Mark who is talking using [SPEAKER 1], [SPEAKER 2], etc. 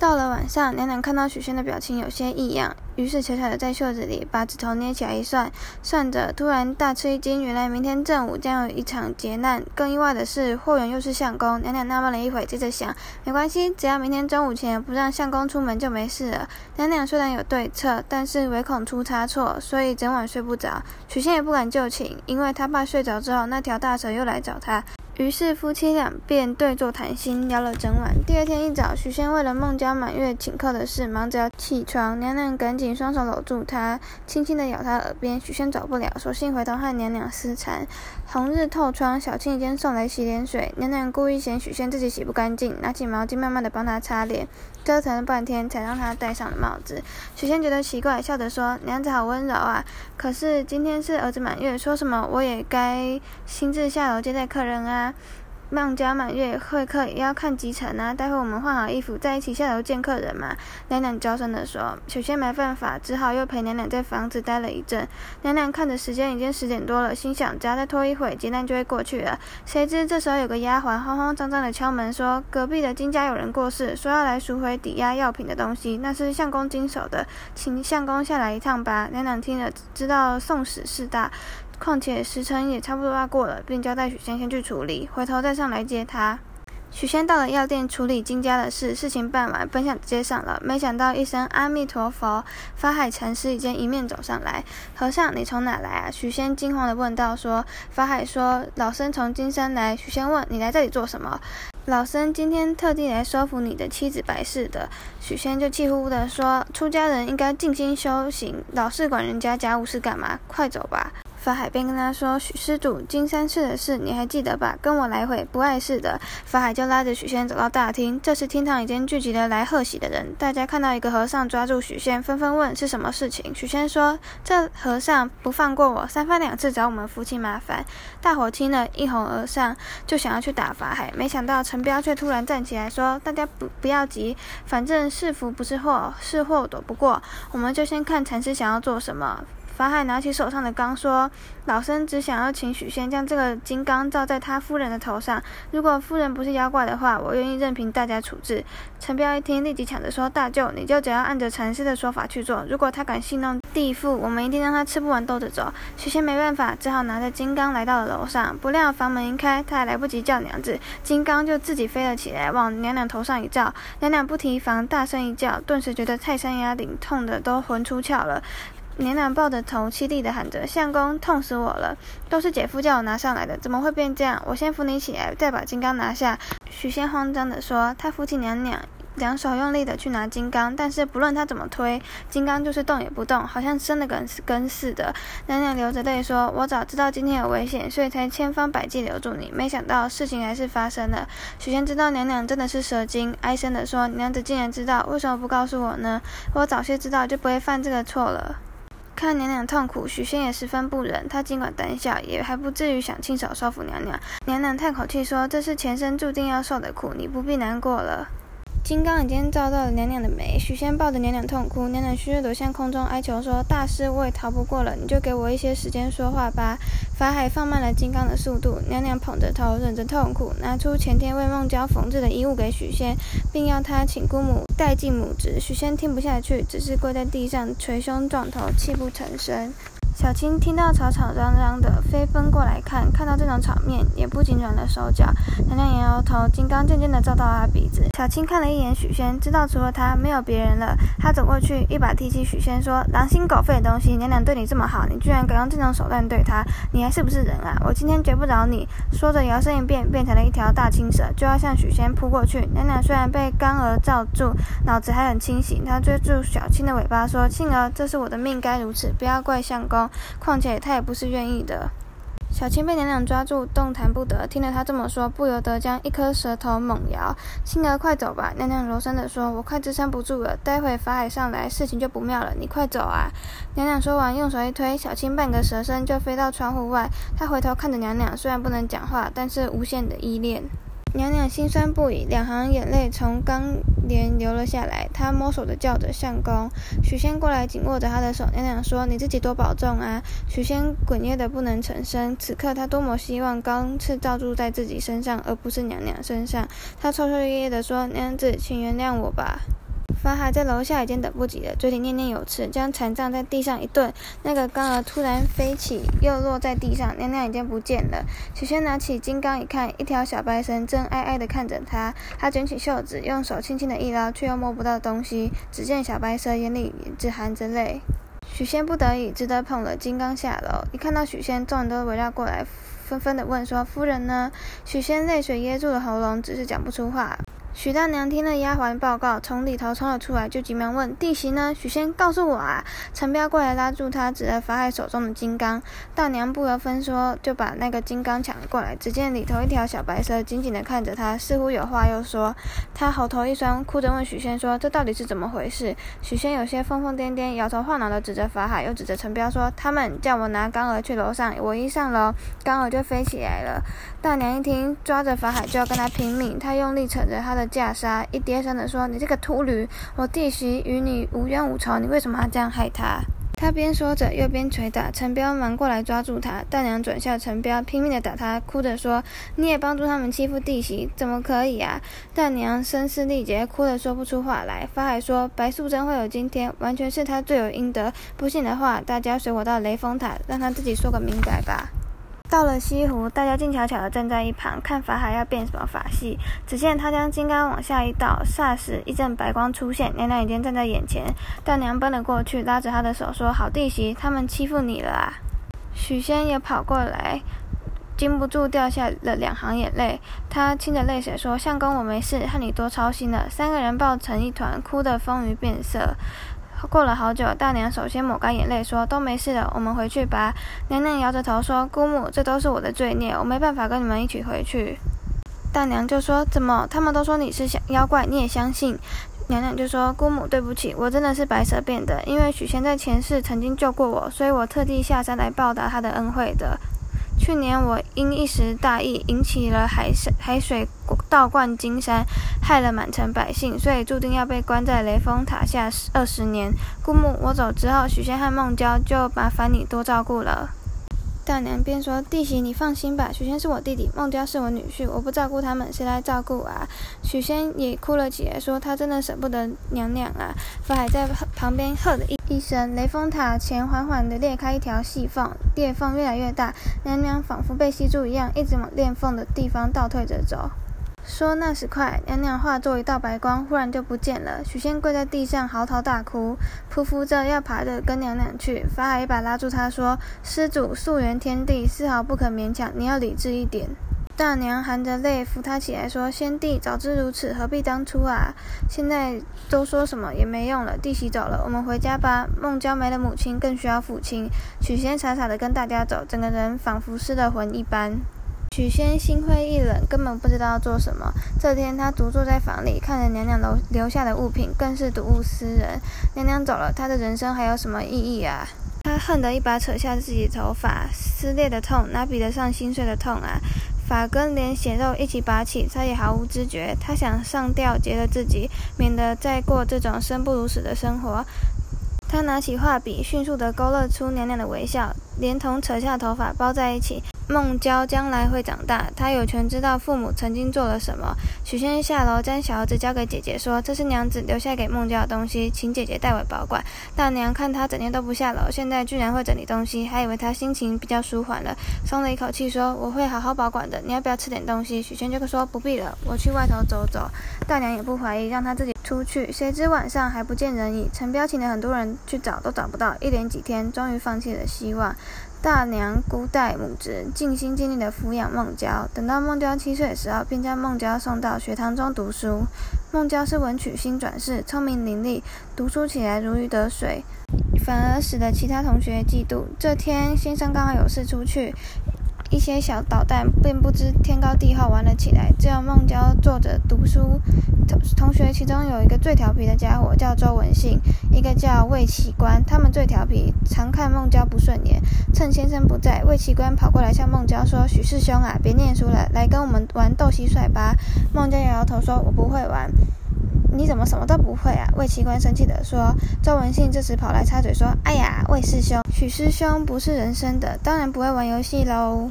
[SPEAKER 1] 到了晚上，娘娘看到許仙的表情有些異樣，於是悄悄地在袖子裡把指頭捏起來一算，算着突然大吃一驚，原來明天正午將有一場劫難。更意外的是，禍源又是相公。娘娘納悶了一會接着想，沒關係，只要明天中午前不讓相公出門就沒事了。娘娘雖然有對策，但是唯恐出差錯，所以整晚睡不着。許仙也不敢就寢，因為他怕睡着之後那條大蛇又來找他。於是夫妻倆便對坐談心，聊了整晚。第二天一早，許仙為了孟家滿月請客的事，忙着要起床。娘娘趕緊雙手摟住他，輕輕的咬他耳邊。許仙走不了，索性回頭和娘娘廝纏。紅日透窗，小青已經送來洗臉水。娘娘故意嫌許仙自己洗不乾淨，拿起毛巾慢慢的幫他擦臉，折騰了半天才讓他戴上了帽子。許仙覺得奇怪，笑着說：“娘子好溫柔啊！”可是今天是兒子滿月，說什麼我也該親自下樓接待客人啊。孟家滿月會客也要看吉辰啊。待會兒我們換好衣服，再一起下樓見客人嘛。娘娘嬌聲的說，許仙沒辦法，只好又陪娘娘在房子待了一陣。娘娘看着時間已經十點多了，心想只要再拖一會兒，劫難就會過去了。誰知這時候有個丫鬟慌慌張張的敲門說，隔壁的金家有人過世，說要來贖回抵押藥品的東西，那是相公經手的，請相公下來一趟吧。娘娘聽了，知道送死事大。況且時辰也差不多了過了，便交代許仙先去處理，回頭再上來接他。許仙到了藥店處理金家的事，事情辦完，本想接上了，沒想到一聲阿彌陀佛，法海禪師已經迎面走上來。和尚，你從哪來啊？許仙驚慌地問道。說，法海說，老僧從金山來。許仙問，你來這裡做什麼？老僧今天特地來收服你的妻子白氏的。許仙就氣呼呼地說，出家人應該靜心修行，老是管人家家務事幹嘛？快走吧。法海便跟他說：“許施主，金山寺的事你還記得吧？跟我來回，不礙事的。”法海就拉着許仙走到大廳。這時，廳堂已經聚集了來賀喜的人。大家看到一個和尚抓住許仙，紛紛問是什麼事情。許仙說：“這和尚不放過我，三番兩次找我們夫妻麻煩。”大夥聽了，一哄而上，就想要去打法海。沒想到陳彪卻突然站起來說：“大家不不要急，反正是福不是禍，是禍躲不過。我們就先看禪師想要做什麼。”法海拿起手上的缸說：“老僧只想要請許仙將這個金剛罩在他夫人的頭上，如果夫人不是妖怪的話，我願意任憑大家處置。”陳彪一聽，立即搶着說：“大舅，你就只要按着禪師的說法去做。如果他敢戲弄地婦，我們一定讓他吃不完兜着走。”許仙沒辦法，只好拿着金剛來到了樓上。不料房門一開，他還來不及叫娘子，金剛就自己飛了起來，往娘娘頭上一照。娘娘不提防，大聲一叫，頓時覺得泰山壓頂，痛得都魂出竅了。娘娘抱着頭，淒厲地喊着：“相公，痛死我了！都是姐夫叫我拿上來的，怎麼會變這樣？”“我先扶你起來，再把金剛拿下。”許仙慌張地說。他扶起娘娘，兩手用力地去拿金剛，但是不論他怎麼推，金剛就是動也不動，好像生了根似的。娘娘流着淚說：“我早知道今天有危險，所以才千方百計留住你，沒想到事情還是發生了。”許仙知道娘娘真的是蛇精，哀聲地說：“娘子竟然知道，為什麼不告訴我呢？我早些知道，就不會犯這個錯了。”看娘娘痛苦，許仙也十分不忍。他儘管膽小，也還不至於想親手收服娘娘。娘娘嘆口氣說：“這是前生注定要受的苦，你不必難過了。”金剛已經照到了娘娘的眉，許仙抱着娘娘痛哭，娘娘虛弱地向空中哀求說：“大師，我也逃不過了，你就給我一些時間說話吧。”法海放慢了金剛的速度，娘娘捧着頭忍着痛苦，拿出前天為夢蛟縫制的衣物給許仙，並要他請姑母代盡母職。許仙聽不下去，只是跪在地上捶胸撞頭，泣不成聲。小青聽到吵吵嚷嚷的，飛奔過來看，看到這種場面，也不禁軟了手腳。娘娘搖搖頭，金光漸漸地照到她鼻子。小青看了一眼許仙，知道除了他沒有別人了，她走過去，一把提起許仙，說：“狼心狗肺的東西，娘娘對你這麼好，你居然敢用這種手段對她，你還是不是人啊？我今天絕不饒你！”說着，搖身一變，變成了一條大青蛇，就要向許仙撲過去。娘娘雖然被干兒罩住，腦子還很清醒，她追住小青的尾巴，說：“青兒，這是我的命，該如此，不要怪相公。”況且他也不是願意的。小青被娘娘抓住，動彈不得。聽了他這麼說，不由得將一顆舌頭猛搖。青兒，快走吧！娘娘柔聲地說：“我快支撐不住了，待會法海上來，事情就不妙了。你快走啊！”娘娘說完，用手一推，小青半個蛇身就飛到窗戶外。她回頭看着娘娘，雖然不能講話，但是無限的依戀。娘娘心酸不已，兩行眼淚從缸沿流了下來。她摸索着叫着：“相公！”許仙過來，緊握着她的手。娘娘說：“你自己多保重啊！”許仙哽咽的不能成聲。此刻他多麼希望鋼刺罩住在自己身上，而不是娘娘身上。他抽抽噎噎的說：“娘子，請原諒我吧。”法海在樓下已經等不及了，嘴裡念念有詞，將禪杖在地上一頓，那個缸兒突然飛起，又落在地上，娘娘已經不見了。許仙拿起金缸一看，一條小白蛇正哀哀的看着他，他捲起袖子，用手輕輕的一撈，卻又摸不到東西。只見小白蛇眼裡只含着淚。許仙不得已，只得捧了金缸下樓。一看到許仙，眾人都圍繞過來，紛紛的問說：“夫人呢？”許仙淚水噎住了喉嚨，只是講不出話。許大娘聽了丫鬟報告，從裡頭衝了出來，就急忙問：“弟媳呢？”許仙告訴我啊。陳彪過來拉住他，指着法海手中的金剛。大娘不由分說就把那個金剛搶了過來。只見裡頭一條小白蛇緊緊地看着他，似乎有話要說。他喉頭一酸，哭着問許仙說：“這到底是怎麼回事？”許仙有些瘋瘋癲癲，搖頭晃腦的指着法海，又指着陳彪說：“他們叫我拿鋼兒去樓上，我一上樓，鋼兒就飛起來了。”大娘一聽，抓着法海就要跟他拼命。他用力扯着他的。架殺 一疊聲地說：“你這個禿驢，我弟媳與你無冤無仇，你為什麼要這樣害她？”他邊說着，又邊捶打陳彪，忙過來抓住他。大娘轉向陳彪，拼命地打他，哭着說：“你也幫助他們欺負弟媳，怎麼可以啊？”大娘聲嘶力竭，哭得說不出話來。法海說：“白素貞會有今天，完全是他罪有應得。不信的話，大家隨我到雷峰塔，讓他自己說個明白吧。”到了西湖，大家靜悄悄地站在一旁看法海要變什麼法系。只見他將金剛往下一倒，霎時一陣白光出現，娘娘已經站在眼前。大娘奔了過去，拉着她的手說：“好弟媳，他們欺負你了啊！”許仙也跑過來，禁不住掉下了兩行眼淚。他噙着淚水說：“相公，我沒事，看你多操心了。”三個人抱成一團，哭得風雲變色。過了好久，大娘首先抹乾眼淚說：“都沒事了，我們回去吧。”娘娘搖着頭說：“姑母，這都是我的罪孽，我沒辦法跟你們一起回去。”大娘就說：“怎麼？他們都說你是小妖怪，你也相信？”娘娘就說：“姑母，對不起，我真的是白蛇變的。因為許仙在前世曾經救過我，所以我特地下山來報答他的恩惠的。”去年我因一時大意，引起了海海水倒灌金山，害了滿城百姓，所以注定要被關在雷峰塔下二十年。姑母，我走之後，許仙和孟郊就麻煩你多照顧了。大娘便說：“弟媳，你放心吧，許仙是我弟弟，孟嬌是我女婿，我不照顧他們，誰來照顧啊？”許仙也哭了起來，說：“他真的捨不得娘娘啊！”法海在旁邊喝的一一聲，雷峰塔前緩緩地裂開一條細縫，裂縫越來越大，娘娘仿佛被吸住一樣，一直往裂縫的地方倒退着走。說那時快，娘娘化作一道白光，忽然就不見了。許仙跪在地上嚎啕大哭，匍匐着要爬着跟娘娘去。法海一把拉住他，說：“施主，素緣天地，絲毫不可勉強。你要理智一點。”大娘含着淚扶他起來，說：“先帝早知如此，何必當初啊？現在都說什麼也沒用了。弟媳走了，我們回家吧。”孟嬌沒了母親，更需要父親。許仙傻傻的跟大家走，整個人仿佛失了魂一般。許仙心灰意冷，根本不知道要做什麼。這天，他獨坐在房裡，看着娘娘留留下的物品，更是睹物思人。娘娘走了，他的人生還有什麼意義啊？他恨得一把扯下自己的頭髮，撕裂的痛哪比得上心碎的痛啊！髮根連血肉一起拔起，他也毫無知覺。他想上吊，結了自己，免得再過這種生不如死的生活。他拿起畫筆，迅速地勾勒出娘娘的微笑，連同扯下頭髮包在一起。孟嬌將來會長大，她有權知道父母曾經做了什麼。許仙下樓將小兒子交給姐姐，說：“這是娘子留下給孟嬌的東西，請姐姐代為保管。”大娘看她整天都不下樓，現在居然會整理東西，還以為她心情比較舒緩了，鬆了一口氣，說：“我會好好保管的。你要不要吃點東西？”許仙就說：“不必了，我去外頭走走。”大娘也不懷疑，讓她自己。出去，誰知晚上還不見人影。陳彪請了很多人去找，都找不到。一連幾天，終於放棄了希望。大娘孤帶母子，盡心盡力的撫養孟郊。等到孟郊七歲的時候，便將孟郊送到學堂中讀書。孟郊是文曲星轉世，聰明伶俐，讀書起來如魚得水，反而使得其他同學嫉妒。這天，先生剛好有事出去。一些小搗蛋並不知天高地厚，玩了起來。這樣，孟郊坐着讀書，同同學，其中有一個最調皮的家伙叫周文信，一個叫魏啟官，他們最調皮，常看孟郊不順眼。趁先生不在，魏啟官跑過來向孟郊說：“許師兄啊，別念書了，來跟我們玩鬥蟋蟀吧。”孟郊搖搖頭說：“我不會玩。”你怎麼什麼都不會啊？魏奇官生氣地說。周文信這時跑來插嘴說：“哎呀，魏師兄，許師兄不是人生的，當然不會玩遊戲嘍。”